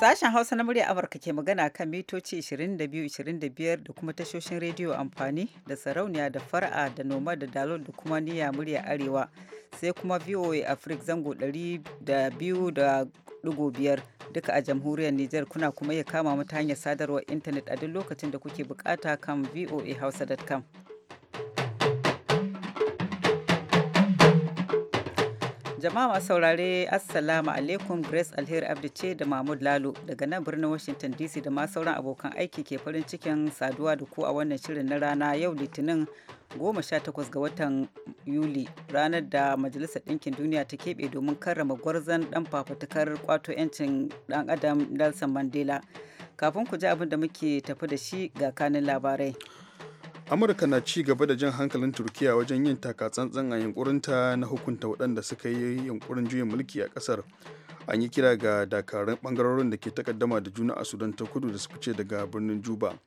Sashen Hausa na murya Amurka ke magana kan mitoci 22-25 da kuma tashoshin rediyo amfani da sarauniya da fara'a da noma da dalol da kuma niyya murya arewa sai kuma VOA Africa zango 200.5 duka a jamhuriyar Nijar kuna kuma ya kama mata hanyar sadarwar intanet a duk lokacin da kuke bukata kan voa voahausa.com. jama'a masu saurare assalamu alaikum grace alheri abdu ce da mahmud lalo daga nan birnin washington dc da ma sauran abokan aiki ke farin cikin saduwa da ku a wannan shirin na rana yau litinin 18 ga watan yuli ranar da majalisar ɗinkin duniya ta keɓe domin karrama gwarzon ɗan fafatakar kwato 'yancin ɗan adam nelson mandela kafin ku ji abin da muke tafi da shi ga kanin labarai amurka na ci gaba da jan hankalin turkiya wajen yin takatsantsan a yunkurinta na hukunta waɗanda suka yi yunkurin juyin mulki a ƙasar an yi kira ga dakarun ɓangarorin da ke takaddama da juna a sudan ta kudu da suka ce daga birnin juba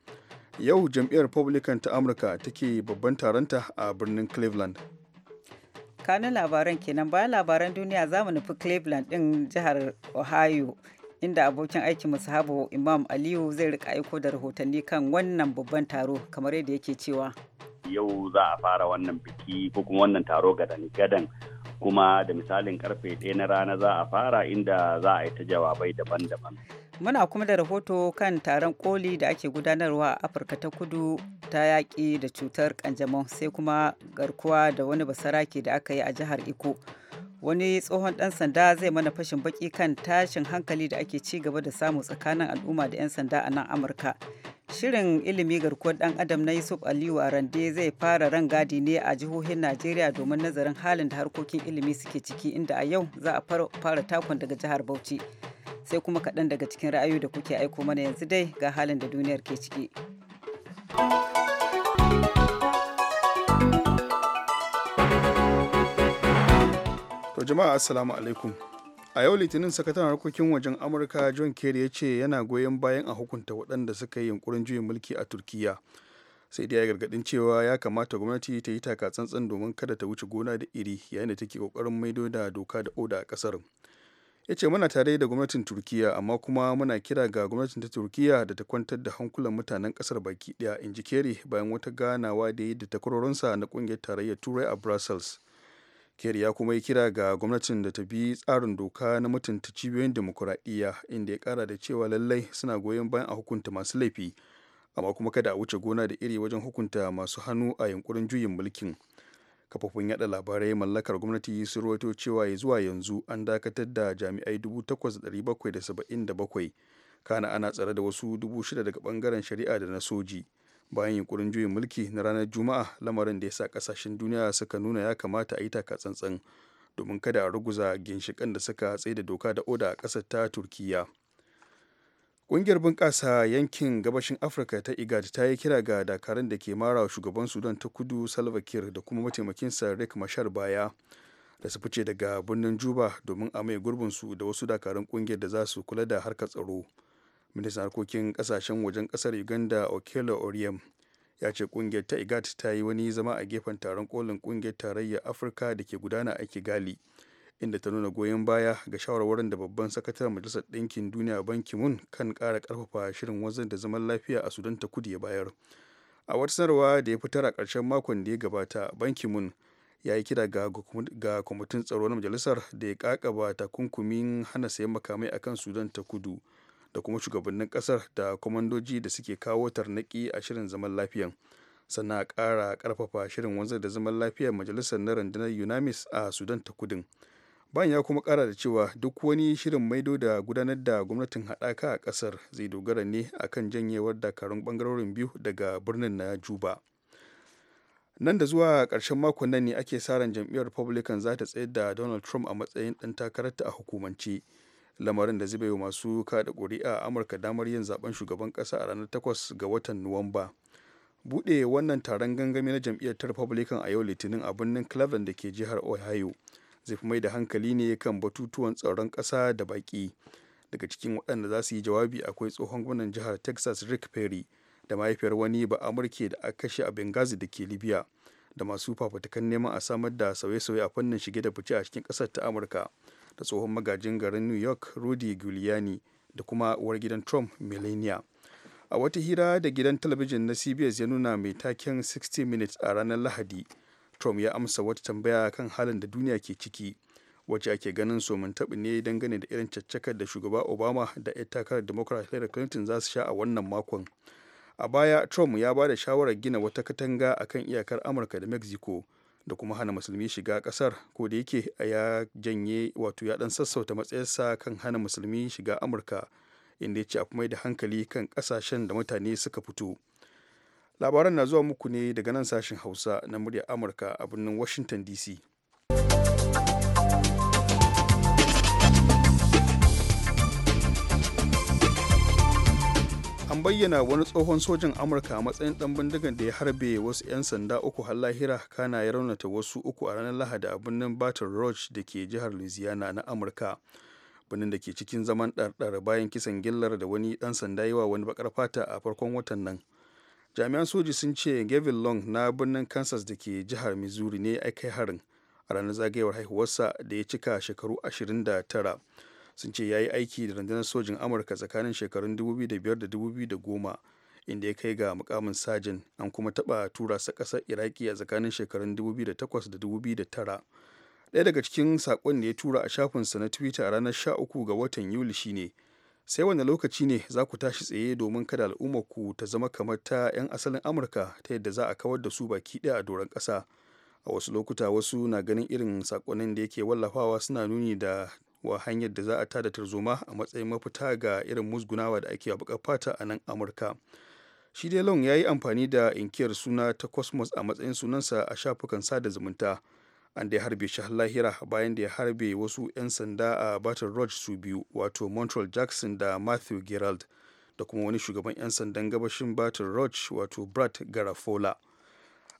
yau jam'iyyar republican ta amurka take babban taronta a birnin cleveland kanun labaran kenan bayan labaran duniya zamu nufi cleveland din jihar ohio inda abokin aikin musahabu Imam Aliyu zai rika aiko da rahotanni kan wannan babban taro kamar yadda yake cewa. Yau za a fara wannan biki ko kuma wannan taro gadan-gadan kuma da misalin karfe ɗaya na rana za a fara inda za a yi ta jawabai daban-daban. Muna kuma da rahoto kan taron koli da ake gudanarwa a Afirka ta kudu ta yaƙi da cutar kanjamau sai kuma garkuwa da wani basarake da aka yi a jihar Iko. wani tsohon dan sanda zai mana fashin baki kan tashin hankali da ake ci gaba da samu tsakanin al'umma da 'yan sanda a nan amurka shirin ilimi garkuwar dan adam na yusuf aliyu a rande zai fara rangadi ne a jihohin najeriya domin nazarin halin da harkokin ilimi suke ciki inda a yau za a fara takon daga jihar bauchi sai kuma kaɗan daga cikin ra'ayoyi da kuke aiko mana yanzu dai ga halin da duniyar ke ciki. To jama'a assalamu alaikum. A yau litinin sakataren harkokin wajen Amurka John Kerry ya ce yana goyon bayan a hukunta waɗanda suka yi yunkurin juyin mulki a turkiya Sai dai ya gargaɗin cewa ya kamata gwamnati ta yi taka tsantsan domin kada ta wuce gona da iri yayin da take kokarin maido da doka da oda a ƙasar. Ya ce muna tare da gwamnatin turkiya amma kuma muna kira ga gwamnatin ta Turkiyya da ta kwantar da hankulan mutanen ƙasar baki ɗaya in ji Kerry bayan wata ganawa da ya yi da takwarorinsa na ƙungiyar tarayyar Turai a Brussels. Kerry ya kuma yi kira ga gwamnatin da ta bi tsarin doka na mutunta cibiyoyin demokuraɗiyya inda ya kara da cewa lallai suna goyon bayan a hukunta masu laifi amma kuma kada a wuce gona da iri wajen hukunta masu hannu a yunkurin juyin mulkin. Kafofin yada labarai mallakar gwamnati sun rawaito cewa ya zuwa yanzu an dakatar da jami'ai da bakwai kana ana tsare da wasu dubu shida daga bangaren shari'a da na soji. bayan yunkurin juyin mulki na ranar juma'a lamarin da ya sa kasashen duniya suka nuna ya kamata a yi taka tsantsan domin kada a ruguza ginshikan da suka da doka da oda a ƙasar ta turkiya ƙungiyar bunƙasa yankin gabashin afirka ta igad ta yi kira ga dakarun da ke mara shugaban sudan ta kudu salvakir da kuma mataimakinsa rick mashar baya da su fice daga birnin juba domin a mai gurbinsu da wasu dakarun ƙungiyar da za su kula da harkar tsaro ministan harkokin kasashen wajen kasar uganda okello oriem ya ce kungiyar ta igat ta yi wani zama a gefen taron kolin kungiyar tarayyar afirka da ke gudana a kigali inda ta nuna goyon baya ga shawarwarin da babban sakataren majalisar ɗinkin duniya ban kimun kan ƙara ƙarfafa shirin wanzar da zaman lafiya a sudan ta kudu ya bayar a wata sanarwa da ya fitar a ƙarshen makon da ya gabata ban kimun ya yi kira ga kwamitin tsaro na majalisar da ya kakaba takunkumin hana sayan makamai akan sudan ta kudu da kuma shugabannin kasar da kwamandoji da suke kawo tarnaki a shirin zaman lafiyan sannan a ƙara ƙarfafa shirin wanzar da zaman lafiyar majalisar na rundunar unamis a sudan ta kudin bayan ya kuma kara da cewa duk wani shirin maido da gudanar da gwamnatin haɗaka a kasar zai dogara ne a kan janyewar dakarun bangarorin biyu daga birnin na juba nan da zuwa ƙarshen makon nan ne ake sa ran jam'iyyar republican za ta tsayar da donald trump a matsayin ɗan takararta a hukumance lamarin da zai baiwa masu kada ƙuri'a a amurka damar yin zaben shugaban ƙasa a ranar 8 ga watan nuwamba buɗe wannan taron gangami na jam'iyyar ta republican a yau litinin a birnin cleveland da ke jihar ohio zai fi mai da hankali ne kan batutuwan tsaron ƙasa da baƙi daga cikin waɗanda za su yi jawabi akwai tsohon gwamnan jihar texas rick perry da mahaifiyar wani ba amurke da aka kashe a benghazi da ke libya da masu fafutukan neman a samar da sauye-sauye a fannin shige da fice a cikin ƙasar ta amurka da tsohon magajin garin new york rudy giuliani da kuma uwar gidan trump melania a wata hira da gidan talabijin na cbs ya nuna mai taken 60 minutes a ranar lahadi trump ya amsa wata tambaya kan halin da duniya ke ciki wacce ake ganin somin taɓi ne dangane da irin caccakar da shugaba obama da ya takarar democrat hillary clinton za su sha a wannan makon a baya trump ya ba da shawarar gina wata katanga akan iyakar amurka da mexico da kuma hana musulmi shiga kasar ko da yake a ya janye wato ya dan sassauta matsayarsa kan hana musulmi shiga amurka inda ya ce a kuma da hankali kan kasashen da mutane suka fito labaran na zuwa muku ne daga nan sashen hausa na murya amurka a birnin washington dc an bayyana wani tsohon sojan amurka a matsayin dan bindigan da ya harbe wasu 'yan sanda uku har lahira kana ya raunata wasu uku a ranar lahadi a birnin baton rouge da ke jihar louisiana na amurka birnin da ke cikin zaman ɗarɗar bayan kisan gillar da wani ɗan sanda yi wa wani bakar fata a farkon watan nan jami'an soji sun ce gavin long na birnin kansas da ke jihar missouri ne ya kai harin a ranar zagayewar haihuwarsa da ya cika shekaru ashirin da tara. sun ce ya yi aiki da rundunar sojin amurka tsakanin shekarun 2005 da 2010 inda ya kai ga mukamin sajin an kuma taɓa tura sa ƙasar iraki a tsakanin shekarun 2008 da 2009 ɗaya daga cikin saƙon da ya tura a shafinsa na twitter a ranar 13 ga watan yuli shine sai wani lokaci ne za ku tashi tsaye domin kada al'ummar ku ta zama kamar ta 'yan asalin amurka ta yadda za a kawar da su baki ɗaya a doron ƙasa a wasu lokuta wasu na ganin irin saƙonin da yake wallafawa suna nuni da wa hanyar da za a tada tarzoma a matsayin mafita ga irin musgunawa da ake bakar fata a nan amurka shi dai long ya yi amfani da inkiyar suna ta cosmos a matsayin sunansa a shafukan sada zumunta an ya harbe shi lahira bayan da ya harbe wasu 'yan sanda a baton rouge su biyu wato montreal jackson da matthew gerald da kuma wani shugaban 'yan sandan gabashin baton rouge wato brad garafola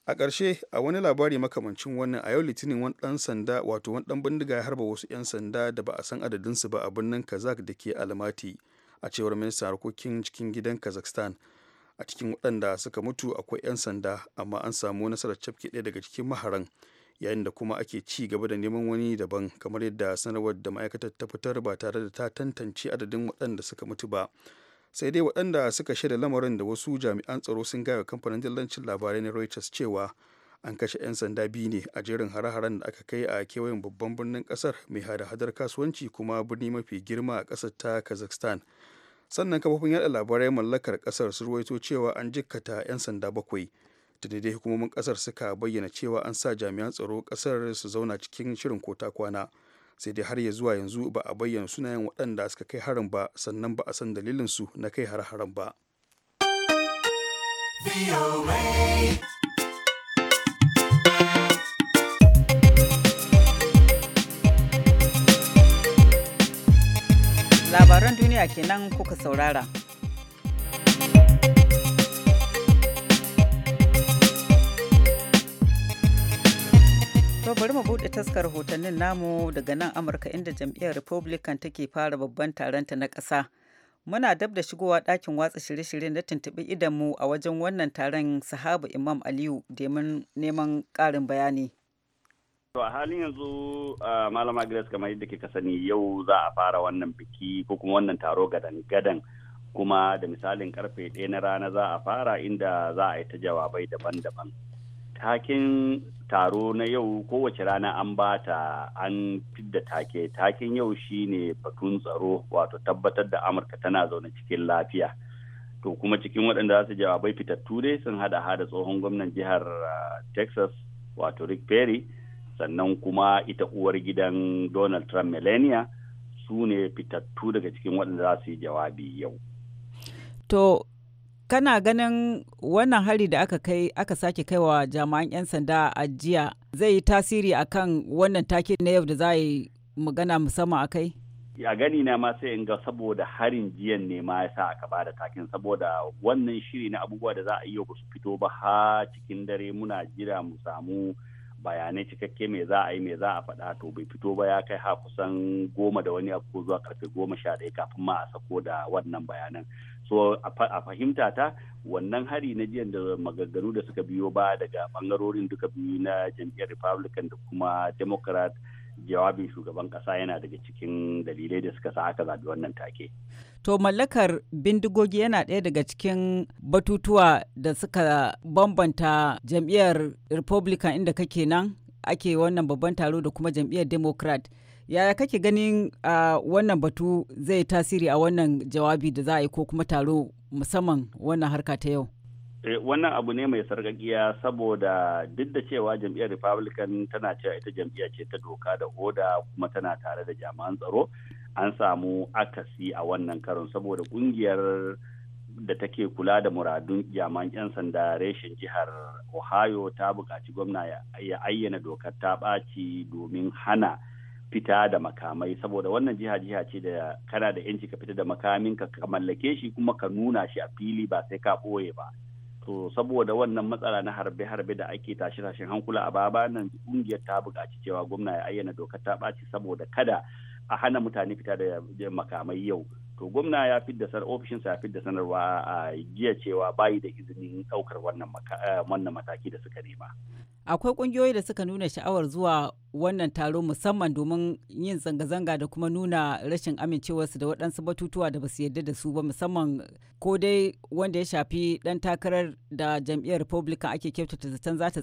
a ƙarshe a wani labari makamancin wannan a yau litinin wani ɗan sanda wato wani ɗan bindiga ya harba wasu 'yan sanda da ba a san su ba a birnin kazak da ke almati a cewar ministan harkokin cikin gidan kazakhstan a cikin waɗanda suka mutu akwai 'yan sanda amma an samu nasarar cafke ɗaya daga cikin maharan yayin da kuma ake ci gaba da neman wani daban kamar yadda sanarwar da ma'aikatar ta fitar ba tare da ta tantance adadin waɗanda suka mutu ba sai dai waɗanda suka shaida lamarin da wasu jami'an tsaro sun gaya kamfanin dillancin labarai na reuters cewa an kashe 'yan sanda biyu ne a jerin hare-haren da aka kai a kewayen babban birnin kasar mai hada-hadar kasuwanci kuma birni mafi girma a kasar ta kazakhstan sannan kafofin yada labarai mallakar kasar su ruwaito cewa an jikkata 'yan sanda bakwai dai hukumomin kasar suka bayyana cewa an sa jami'an tsaro kasar su zauna cikin shirin kota kwana sai dai har ya zuwa yanzu ba a bayyana sunayen waɗanda suka kai harin ba sannan ba a san dalilinsu na kai har-haren ba. Labaran duniya kenan kuka saurara. bari mu buɗe taskar hotonnin namu daga nan amurka inda jam'iyyar republican take fara babban taronta na ƙasa muna dab da shigowa ɗakin watsa shirye-shirye na tuntuɓi idanmu a wajen wannan taron sahaba imam aliyu domin neman ƙarin bayani To a halin yanzu Malama Grace kamar yadda kika sani yau za a fara wannan biki ko kuma wannan taro gadan-gadan kuma da misalin karfe ɗaya na rana za a fara inda za a yi ta jawabai daban-daban. Takin taro na yau kowace rana an bata an fidda take taken yau shine batun tsaro wato tabbatar da amurka tana zaune cikin lafiya to kuma cikin waɗanda za su jawabai fitattu dai sun hada hada tsohon gwamnan jihar ah, texas wato rick perry sannan kuma ita uwar gidan donald trump melania su ne fitattu daga cikin waɗanda za su yi jawabi yau to kana ganin wannan hari da aka kai aka sake kaiwa jami'an 'yan sanda a jiya zai yi tasiri a kan wannan take na yau da za yi magana musamman a kai a gani na ma sai in ga saboda harin jiyan ne ma yasa aka da takin saboda wannan shiri na abubuwa da za a yi ba su fito ba ha cikin dare muna jira mu samu bayanai cikakke mai za a yi mai za a faɗa to bai fito ba ya kai ha kusan goma da wani abu zuwa karfe goma sha ɗaya kafin ma a sako da wannan bayanan so a fahimta ta wannan hari na jiyan da magagaru da suka biyo ba daga bangarorin duka biyu na jam'iyyar republican da kuma democrat jawabin shugaban kasa yana daga cikin dalilai da suka sa aka zabi wannan take. To mallakar bindigogi yana ɗaya daga cikin batutuwa da suka bambanta jam'iyyar Republican inda kake nan ake wannan babban taro da kuma jam'iyyar Democrat. yaya kake ganin wannan batu zai tasiri a wannan jawabi da za a yi ko kuma taro musamman wannan harka ta yau eh, wannan abu ne mai sargagiya saboda duk da cewa jam'iyyar republican tana cewa ita jam'iyya ce ta doka da oda kuma tana tare da jami'an tsaro an samu akasi a wannan karon saboda kungiyar da take kula da muradun jami'an 'yan sanda reshen jihar ohio ta buƙaci gwamna ya ayyana dokar ta ɓaci domin hana fita da makamai saboda wannan jiha jiha ce da kana da yanci ka fita da makamin ka ka mallake shi kuma ka nuna shi a fili ba sai ka ɓoye ba to saboda wannan matsala na harbe harbe da ake tashi tashin hankula a baba nan kungiyar ta buƙaci cewa gwamna ya ayyana dokar ta ɓaci saboda kada a hana mutane fita da makamai yau to gwamna ya fidda ofishin ofishinsa ya fidda sanarwa a giya cewa bayi da izinin daukar eh, wannan mataki da suka nema akwai kungiyoyi da suka nuna sha'awar zuwa wannan taro musamman domin yin zanga-zanga da kuma nuna rashin amincewarsu da waɗansu batutuwa da basu yarda da su ba musamman ko dai wanda ya shafi dan takarar da jam'iyyar republican ake kyautata zaton za ta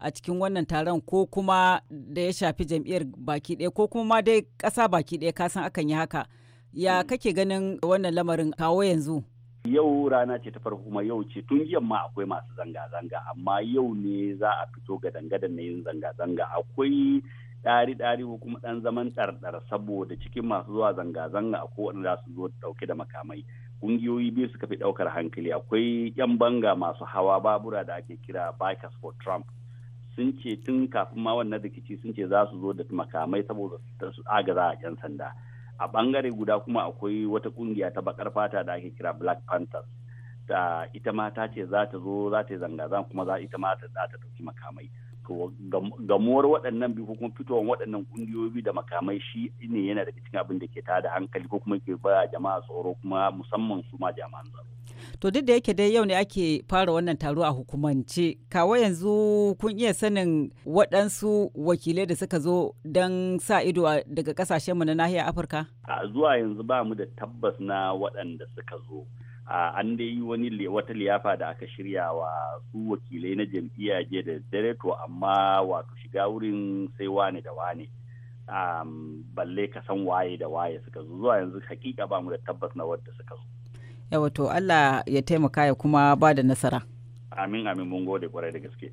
a cikin wannan taron ko kuma da ya shafi jam'iyyar baki ɗaya ko kuma ma dai ƙasa baki ɗaya kasan akan yi haka ya mm. kake ganin wannan lamarin kawo yanzu yau rana ce ta farko kuma yau ce tun yamma akwai masu zanga-zanga amma yau ne za a fito ga dangadan na yin zanga-zanga akwai ɗari-ɗari ko kuma ɗan zaman ɗarɗar saboda cikin masu zuwa zanga-zanga akwai waɗanda su zo ɗauke da makamai ƙungiyoyi biyu suka fi ɗaukar hankali akwai 'yan banga masu hawa babura da ake kira bikers for trump sun ce tun kafin ma wannan rikici sun ce za su zo da makamai saboda su agaza a 'yan sanda a bangare guda kuma akwai wata kungiya ta bakar fata da ake kira black panthers da ita ma ta ce za ta zo za ta yi zanga zan kuma za ita ma za ta ɗauki makamai to gamuwar waɗannan biyu ko kuma fitowar waɗannan kungiyoyi da makamai shi ne yana daga cikin abin da ke tada hankali ko kuma ke ba jama'a tsoro kuma musamman su ma jama'an tsaro To duk da yake dai yau ne ake fara wannan taro a hukumance, kawo yanzu kun iya sanin waɗansu wakilai da suka zo don sa ido daga mu na nahiyar Afirka? A zuwa yanzu ba mu da tabbas na waɗanda suka zo. an dai yi wani wata liyafa da aka shirya wa su wakilai na jam'iyya je da dare to amma wato shiga wurin sai wane da wane. balle ka san waye da waye suka zo zuwa yanzu hakika ba mu da tabbas na wadda suka zo. yawato Allah ya taimaka ya kuma ba da nasara amin amin mun gode kwarai da gaske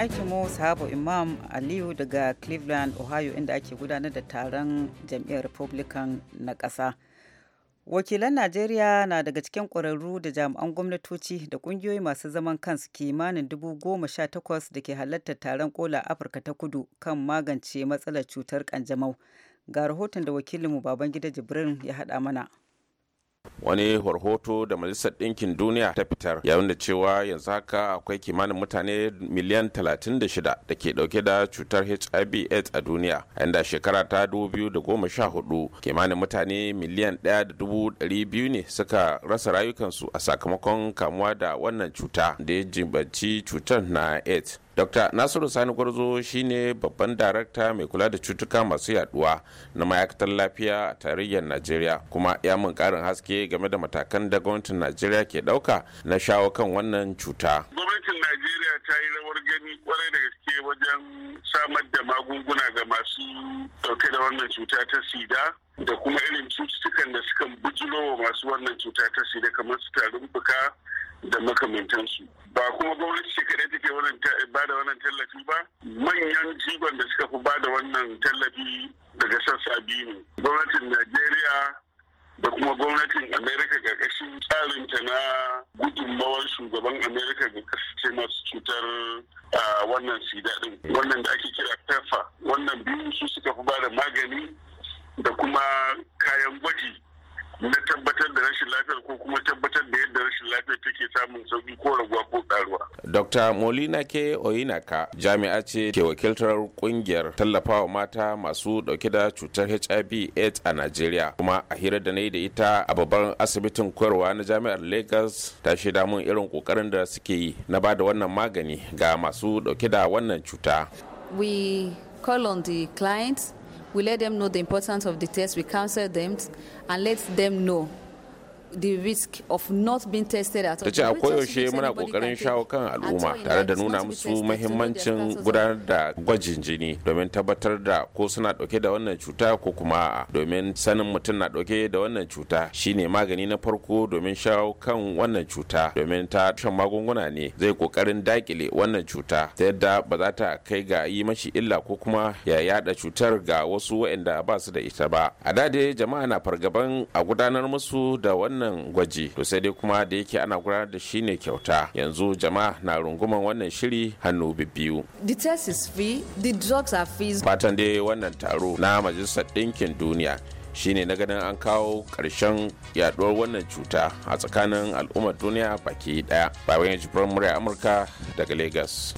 aikin mu sahabu imam aliyu daga cleveland ohio inda ake gudanar da taron jam'iyyar republican na ƙasa wakilan najeriya na daga cikin ƙwararru da jami'an gwamnatoci da ƙungiyoyi masu zaman kansu kimanin dubu goma sha takwas da ke halartar taron kola afirka ta kudu kan magance matsalar cutar kanjamau ga rahoton da wakilinmu babangida jibrin ya haɗa mana wani rahoto da majalisar ɗinkin duniya ta fitar yayin da cewa yanzu haka akwai kimanin mutane miliyan 36 da ke dauke da cutar hiv aids a duniya inda shekara ta 2014 kimanin mutane miliyan 1,200 ne suka rasa rayukansu a sakamakon kamuwa da wannan cuta da ya jibanci cutar na aids dr nasiru sani gwarzo shine babban darakta mai kula da cutuka masu yaduwa na ma'aikatar lafiya a tarayyar najeriya kuma ya mun karin haske game da matakan da gwamnatin najeriya ke dauka na shawo kan wannan cuta gwamnatin najeriya ta yi rawar gani kwarai da gaske wajen samar da magunguna ga masu dauke da wannan cuta ta sida da kuma irin cututtukan da suka bujulowa masu wannan cuta ta sida kamar su tarin fuka da makamantansu ba kuma gwamnati ce kadai take ba da wannan tallafi ba manyan jigon da suka fi ba da wannan tallafi daga sassa biyu ne gwamnatin najeriya da kuma gwamnatin amerika karkashin tsarin ta na gudunmawar shugaban amerika ga kasance masu cutar wannan sida din wannan da ake kira tafa wannan biyu su suka fi ba da magani da kuma kayan gwaji na tabbatar da rashin lafiyar ko kuma tabbatar da yadda rashin lafiyar take samun sauki ko raguwa ko karuwa. Dr. Molina ke Oyinaka jami'a ce ke wakiltar kungiyar tallafawa mata masu dauke da cutar HIV AIDS a Najeriya kuma a hira da na yi da ita a babban asibitin koyarwa na jami'ar Lagos ta shaida mun irin kokarin da suke yi na ba da wannan magani ga masu dauke da wannan cuta. We call on the clients We let them know the importance of the test, we counsel them, and let them know the risk of not being tested Ta ce a koyaushe muna kokarin shawo kan al'umma tare da nuna musu mahimmancin gudanar da gwajin jini domin tabbatar da ko suna dauke da wannan cuta ko kuma domin sanin mutum na dauke da wannan cuta shine magani na farko domin shawo kan wannan cuta domin ta shan magunguna ne zai kokarin dakile wannan cuta ta yadda ba za ta kai ga yi mashi illa ko kuma ya yada cutar ga wasu waɗanda ba su da ita ba. A da jama'a na fargaban a gudanar musu da wannan wannan gwaji to sai dai kuma da yake ana gudanar da shi ne kyauta yanzu jama'a na runguman wannan shiri hannu biyu the test is free the drugs are free fatan dai wannan taro na majalisar ɗinkin duniya shine na ganin an kawo ƙarshen yaduwar wannan cuta a tsakanin al'ummar duniya baki daya bayan jibrin murya amurka daga lagos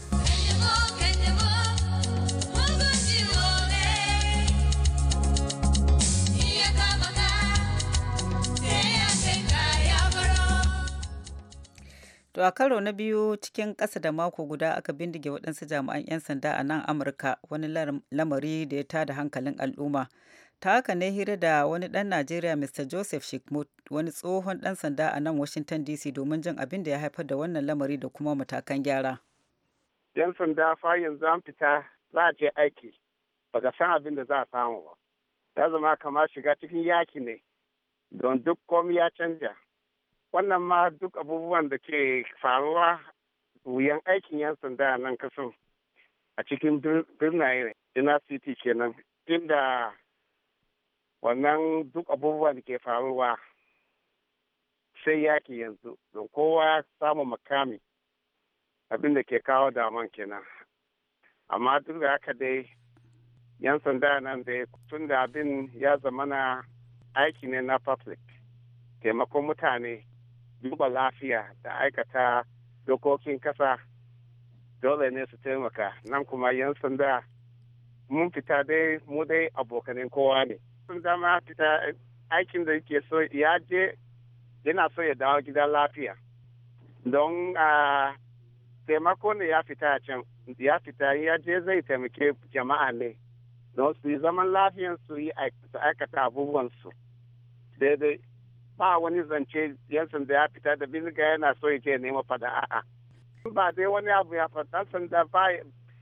To a karo na biyu cikin ƙasa da mako guda aka bindige waɗansu jami'an 'yan sanda a nan Amurka wani lamari da ya tada hankalin al'umma. Ta haka ne hira da wani ɗan Najeriya Mr. Joseph Shikmut wani tsohon ɗan sanda a nan Washington DC domin jin abin da ya haifar da wannan lamari da kuma matakan gyara. 'Yan sanda fa yanzu an fita za a je aiki baga san abin da za a samu ba. Ya zama kamar shiga cikin yaki ne don duk komi ya canja. wannan ma duk abubuwan da ke faruwa wuyan aikin 'yan sanda nan kasan a cikin birnaye ina city kenan inda wannan duk abubuwan da ke faruwa sai yaki yanzu don kowa samun makami abin da ke kawo daman kenan amma duk da haka dai yan sanda nan da tun da abin ya zamana aiki ne na public taimakon mutane duba lafiya da aikata dokokin kasa dole ne su taimaka nan kuma yan sanda mun fita dai mu dai abokanin kowa ne sun dama fita aikin da yake so ya je yana so ya dawo gidan lafiya don a taimako ne ya fita a can ya fita ya je zai taimake jama'a ne don su yi zaman lafiyan su yi aikata abubuwansu daidai ba wani zance yan sanda ya fita da bindiga yana so ya je nema fada a'a ba dai wani abu ya fata sanda ba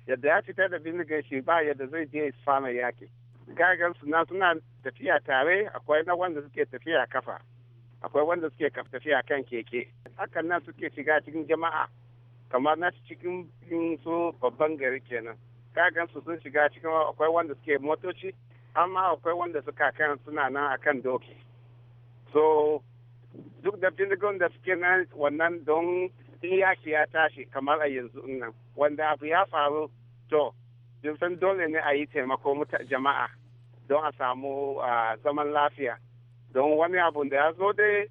yadda ya fita da bindiga shi ba yadda zai je fama yaki gagan suna suna tafiya tare akwai na wanda suke tafiya kafa akwai wanda suke tafiya kan keke hakan nan suke shiga cikin jama'a kamar na cikin su babban gari kenan kagan su sun shiga cikin akwai wanda suke motoci amma akwai wanda suka kan suna nan akan doki so duk da bindigon da suke nan wannan don in yaki ya tashi kamar a yanzu nan wanda abu ya faru to san dole ne a yi taimako jama'a don a samu zaman lafiya don wani abu da ya zo dai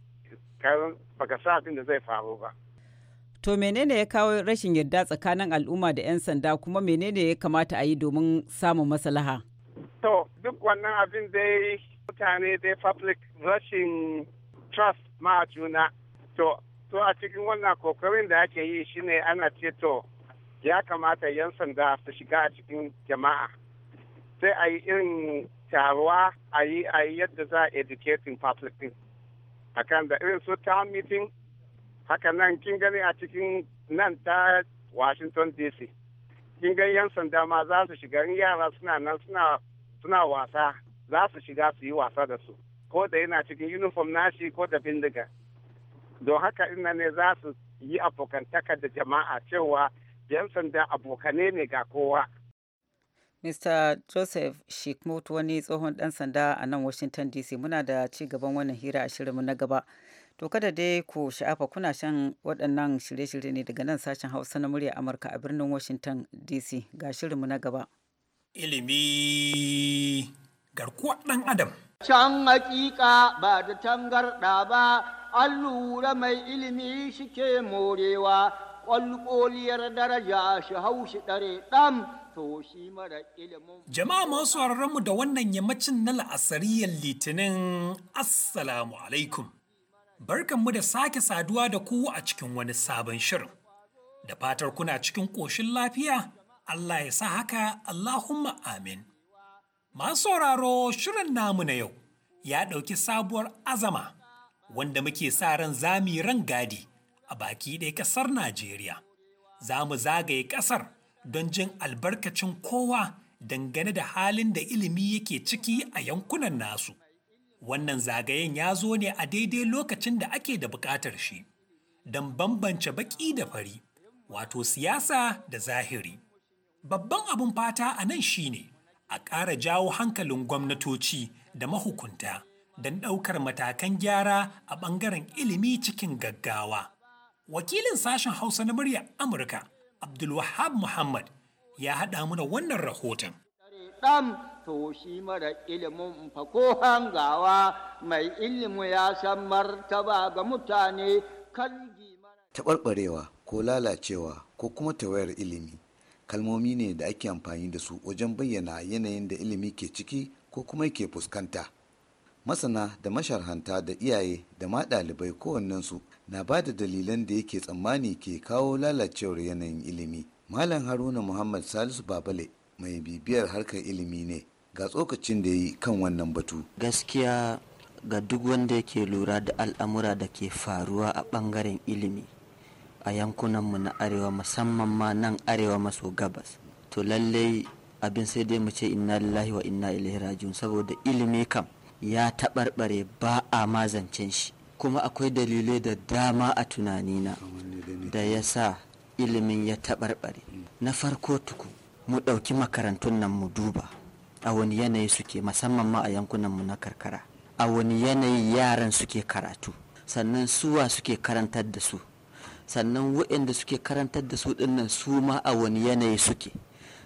baka sa abin da zai faru ba. To menene ya kawo rashin yarda tsakanin al'umma da 'yan sanda kuma menene ya kamata a yi domin samun maslaha? To duk wannan abin dai mutane dai public rushing trust ma juna to to a cikin wannan kokarin da ake yi shine ana ce to ya kamata 'yan sanda su shiga a cikin jama'a sai a yi irin taruwa a yi a yi yadda za a educating public din akan da irin su town meeting haka nan kin gani a cikin nan ta washington dc kin gani 'yan sanda ma za su shiga yara suna nan suna wasa za su shiga su yi wasa da su ko da yana cikin uniform nashi ko da bindiga don haka ina ne za su yi abokantaka da jama'a cewa yan sanda abokane ne ga kowa Mr. Joseph Shikmut wani tsohon ɗan sanda a nan Washington DC muna da ci gaban wannan hira a shirinmu na gaba. To kada dai ku sha'afa kuna shan waɗannan shirye-shirye ne daga nan sashen Hausa na murya Amurka a birnin Washington DC ga shirinmu na gaba. Ilimi garkuwar ɗan adam. Can hakika ba da tangarɗa ba, an lura mai ilimi shi ke morewa, ƙwalƙoliyar daraja shi hau shi ɗare ɗan to shi mara ilimin. Jama'a masu mu da wannan yammacin na la'asariyar litinin Assalamu alaikum. Barkanmu da sake saduwa da ku a cikin wani sabon shirin. Da fatar kuna cikin ƙoshin lafiya, Allah ya sa haka Allahumma amin. Masu sauraro shirin namu na yau ya ɗauki sabuwar azama wanda muke sa ran zami ran gadi a baki ɗaya ƙasar Najeriya. Za mu zagaye ƙasar don jin albarkacin kowa dangane da halin da ilimi yake ciki a yankunan nasu. Wannan zagayen ya zo ne a daidai lokacin da ake da buƙatar shi, don bambance baƙi da fari, wato siyasa da zahiri. Babban abin fata a nan shine a ƙara jawo hankalin gwamnatoci da mahukunta don ɗaukar matakan gyara a ɓangaren ilimi cikin gaggawa. Wakilin sashen Hausa na muryar Amurka, Abdulwahab Muhammad, ya haɗa mana wannan rahoton. Ɗan to shi mara ilimin fa hangawa mai ilimi ya san martaba ga mutane kan Taɓarɓarewa ko lalacewa ko kuma tawayar ilimi kalmomi ne da ake amfani da su wajen bayyana yanayin da ilimi ke ciki ko kuma ke fuskanta masana da masharhanta da iyaye da ma ɗalibai kowannensu na ba da dalilan da yake tsammani ke kawo lalacewar yanayin ilimi malam haruna muhammad salisu babale mai bibiyar harkar ilimi ne ga tsokacin da yi kan wannan batu gaskiya ga duk wanda yake lura da al'amura da ke faruwa a ɓangaren ilimi a yankunanmu na arewa musamman ma nan arewa maso gabas to lallai abin sai dai mu ce inna lillahi wa inna ilaihi rajiun saboda ilimi kam ya taɓarɓare ba a mazancen shi kuma akwai dalilai da dama a tunani na da ya sa ilimin ya taɓarɓare na farko tuku mu ɗauki makarantun nan mu duba a wani yanayi suke musamman ma a yankunanmu na karkara a wani yanayi yaran suke karatu sannan suwa suke karantar da su sannan waɗanda suke karantar da su dinnan su ma a wani yanayi suke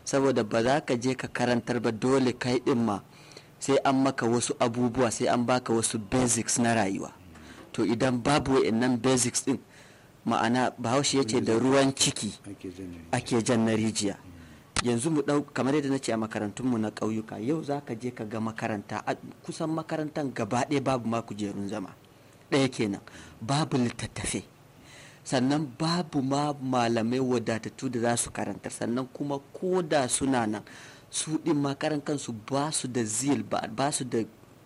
saboda ba za ka je ka karantar ba dole kai ɗin ma sai an maka wasu abubuwa sai an baka wasu basics na rayuwa to idan babu waɗannan basics ɗin ma'ana bahaushe ya ce da ruwan ciki ake jan na rijiya yanzu mu dau kamar yadda na ce a makarantunmu na ƙauyuka yau za ka je ka ga makaranta kusan makarantar gaba ɗaya babu ma kujerun zama ɗaya kenan babu littattafai sannan babu ma malamai wadatattu da za su karanta sannan kuma ko da suna nan su ɗin makaran kansu ba su da zil ba su da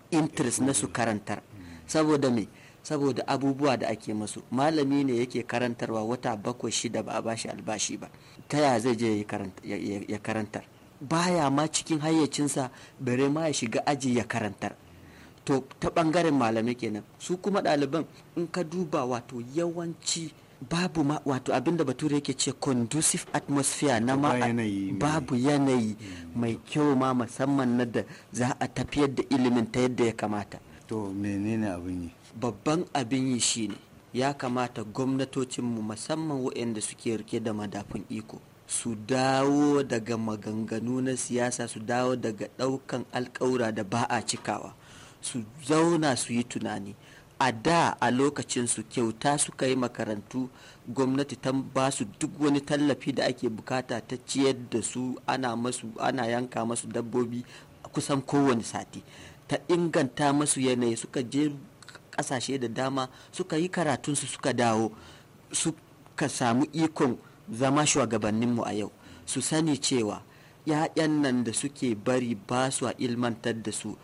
interest na su karantar saboda me saboda abubuwa da ake masu malami ne yake karantarwa wata bakwai shida ba a bashi albashi ba ta ya zai je ya karantar baya ma cikin hayyacinsa bare ma ya shiga aji ya karantar to ta bangaren malamai kenan su kuma ɗaliban in ka duba wato yawanci babu ma wato abinda bature yake ce conducive atmosphere na ma babu yanayi mm. mai kyau ma musamman na da za a tafiyar da ilimin ta yadda ya kamata to menene abin yi babban abin yi shine ya kamata gwamnatocinmu musamman waɗanda suke rike da madafin iko su dawo daga maganganu na siyasa su dawo daga ɗaukan alkawura da ba a cikawa su zauna su yi tunani a da a lokacinsu kyauta suka yi makarantu gwamnati ta ba su duk wani tallafi da ake bukata ta ciyar da su ana masu ana yanka masu dabbobi kusan kowane sati ta inganta masu yanayi suka je kasashe da dama suka yi karatunsu suka dawo suka samu ikon zama shugabanninmu a yau su sani cewa 'ya'yan nan da suke bari ba su a ilmantar da su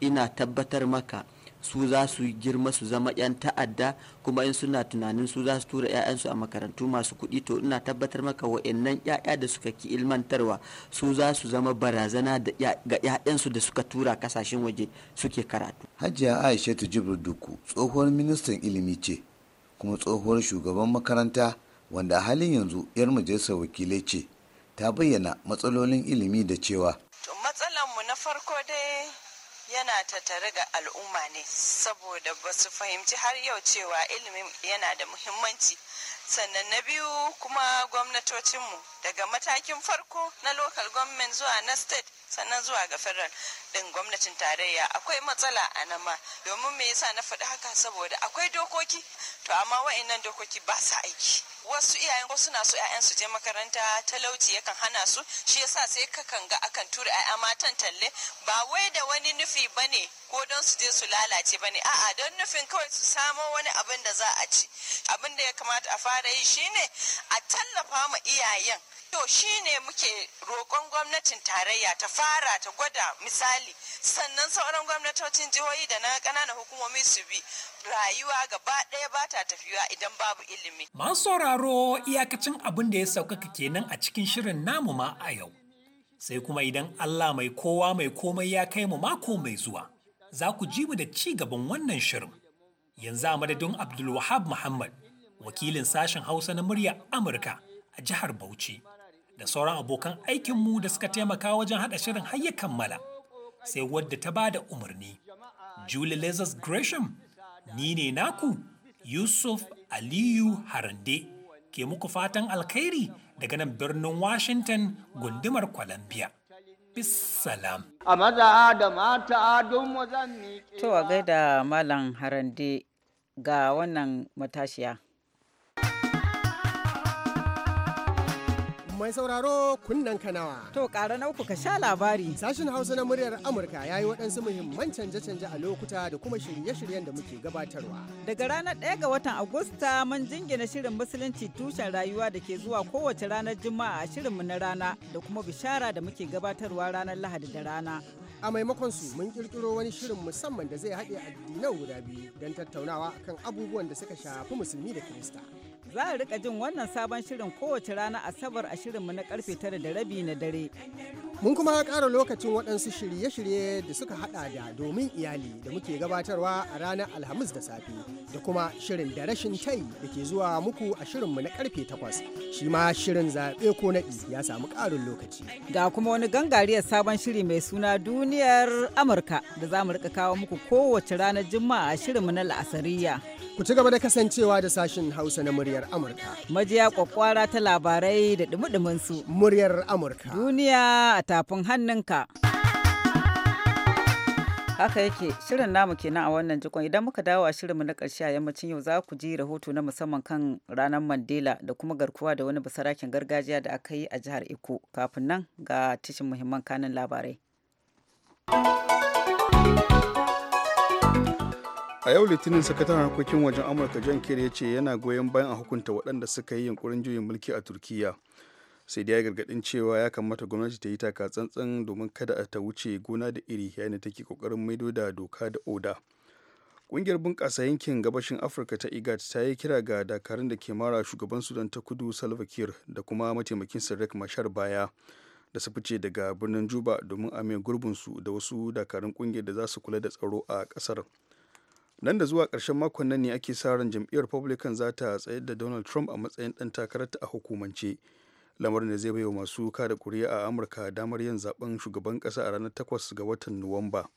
ina tabbatar maka su za su girma su zama 'yan ta'adda kuma in suna tunanin su za su tura 'ya'yansu a makarantu masu kuɗi to ina tabbatar maka wa'annan 'ya'ya da suka ki ilmantarwa su za su zama barazana ga 'ya'yansu da suka tura kasashen waje suke karatu. Hajiya Aisha Jibril Duku tsohuwar ministan ilimi ce kuma tsohuwar shugaban makaranta wanda a halin yanzu 'yar majalisar wakilai ce ta bayyana matsalolin ilimi da cewa. To matsalanmu na farko dai yana tattare ga al'umma ne saboda ba su fahimci har yau cewa ilimin yana da muhimmanci sannan na biyu kuma gwamnatocinmu daga matakin farko na local government zuwa na state sannan zuwa ga federal din gwamnatin tarayya akwai matsala a nan ma domin me yasa na faɗi haka saboda akwai dokoki to amma wa'annan dokoki ba sa aiki wasu iyayen ko suna so ƴaƴan su je makaranta talauci yakan hana su shi yasa sai kakan ga akan tura ƴaƴa matan talle ba wai da wani nufi bane ko don su je su lalace bane a'a don nufin kawai su samo wani abin da za a ci abin da ya kamata a fara yi shine a tallafa ma iyayen To shi ne muke roƙon gwamnatin tarayya ta fara ta gwada misali sannan sauran gwamnatocin jihohi da na ƙananan hukumomi su bi rayuwa gaba ɗaya ba ta tafiya idan babu ilimi. Masu sauraro iyakacin abin da ya sauƙaƙa kenan a cikin shirin namu ma a yau. Sai kuma idan Allah mai kowa mai komai ya kai mu mako mai zuwa, za ku ji mu da ci gaban wannan shirin. Yanzu a madadin Abdulwahab Muhammad, wakilin sashen Hausa na murya Amurka a jihar Bauchi. da sauran abokan aikinmu da suka taimaka wajen haɗa shirin har ya kammala. Sai wadda ta ba da umarni. Julie Lazarus Gresham, ni ne naku Yusuf Aliyu Harande ke muku fatan alkhairi daga nan birnin Washington gundumar Columbia. Bissalam. A maza da mata don To a gaida Malam Harande ga wannan matashiya. mai sauraro kunnen kanawa. To ƙara nauku ka sha labari. Sashen Hausa na muryar Amurka ya yi waɗansu muhimman canje-canje a lokuta da kuma shirye-shiryen da muke gabatarwa. Daga ranar ɗaya ga watan Agusta mun jingina shirin Musulunci tushen rayuwa da ke zuwa kowace ranar Juma'a a shirinmu na rana da kuma bishara da muke gabatarwa ranar Lahadi da rana. a maimakon su mun kirkiro wani shirin musamman da zai haɗe addinan guda biyu don tattaunawa kan abubuwan da suka shafi musulmi da kirista Za a rika jin wannan sabon shirin kowace rana Asabar a shirinmu na karfe tara da rabi na dare. Mun kuma ƙara lokacin waɗansu shirye-shirye da suka haɗa da domin iyali da muke gabatarwa a ranar Alhamis da safe da kuma shirin da rashin tai da ke zuwa muku a shirinmu na karfe takwas. Shi ma shirin zaɓe ko naɗi ya samu ƙarin lokaci. Ga kuma wani gangariyar sabon shiri mai suna duniyar Amurka da za mu rika kawo muku kowace ranar Juma'a a shirinmu na La'asariya. Ku ci gaba da kasancewa da sashin Hausa na muryar Amurka. Majiya kwakwara ta labarai da dumi su. Muryar Amurka. Duniya a tafin hannunka. Haka yake shirin namu kenan a wannan jikon idan muka dawo a shirinmu na ƙarshe a yammacin yau za ku ji rahoto na musamman kan ranar Mandela da kuma garkuwa da wani basarakin gargajiya da aka yi a jihar Eko kafin nan ga tashin muhimman kanin labarai. a yau litinin sakataren harkokin wajen amurka john kerry ya ce yana goyon bayan a hukunta waɗanda suka yi yunkurin juyin mulki a turkiyya sai dai ya gargadin cewa ya kamata gwamnati ta yi taka tsantsan domin kada ta wuce gona da iri yayin da take kokarin maido da doka da oda ƙungiyar bunƙasa yankin gabashin afirka ta igat ta yi kira ga dakarun da ke mara shugaban sudan ta kudu salva da kuma mataimakin sirrik mashar baya da su fice daga birnin juba domin a mai gurbinsu da wasu dakarun ƙungiyar da za su kula da tsaro a ƙasar nan da zuwa ƙarshen makon nan ne ake sa ran jam'iyyar republican za ta tsayar da donald trump a matsayin ɗan takararta a hukumance lamarin da zai baiwa masu kada kuri'a a amurka damar yin zaben shugaban kasa a ranar 8 ga watan nuwamba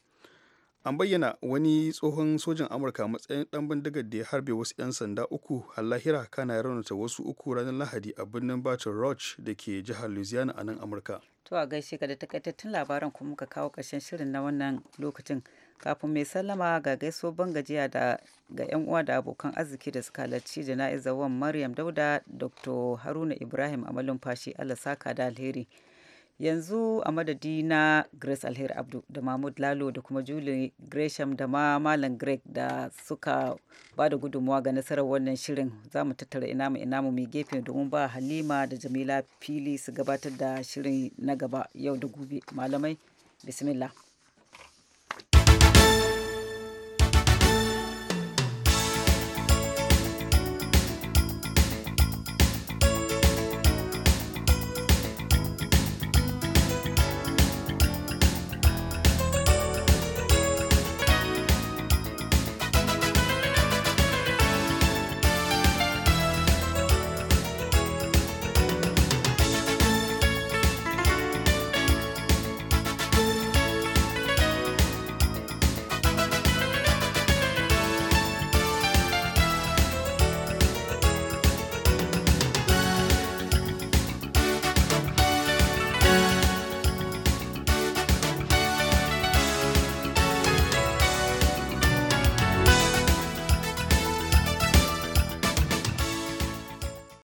an bayyana wani tsohon sojin amurka matsayin dan bindigar da ya harbe wasu 'yan sanda uku halahira kana raunata wasu uku ranar lahadi a birnin baton rouge da ke jihar louisiana a nan amurka to a gaishe ga da takaitattun labaran kuma muka kawo ƙarshen shirin na wannan lokacin kafin mai sallama ga gaiso ban gajiya da ga 'yan uwa da abokan arziki da suka halarci jana'izar wan maryam dauda dr haruna ibrahim amalin fashi allah saka da alheri yanzu a madadi na grace alheri abdu da mahmud lalo da kuma julie gresham da ma malam greg da suka ba da gudunmuwa ga nasarar wannan shirin za mu tattara inamu inamu mai gefe domin ba halima da jamila fili su gabatar da shirin na gaba yau da gobe malamai bismillah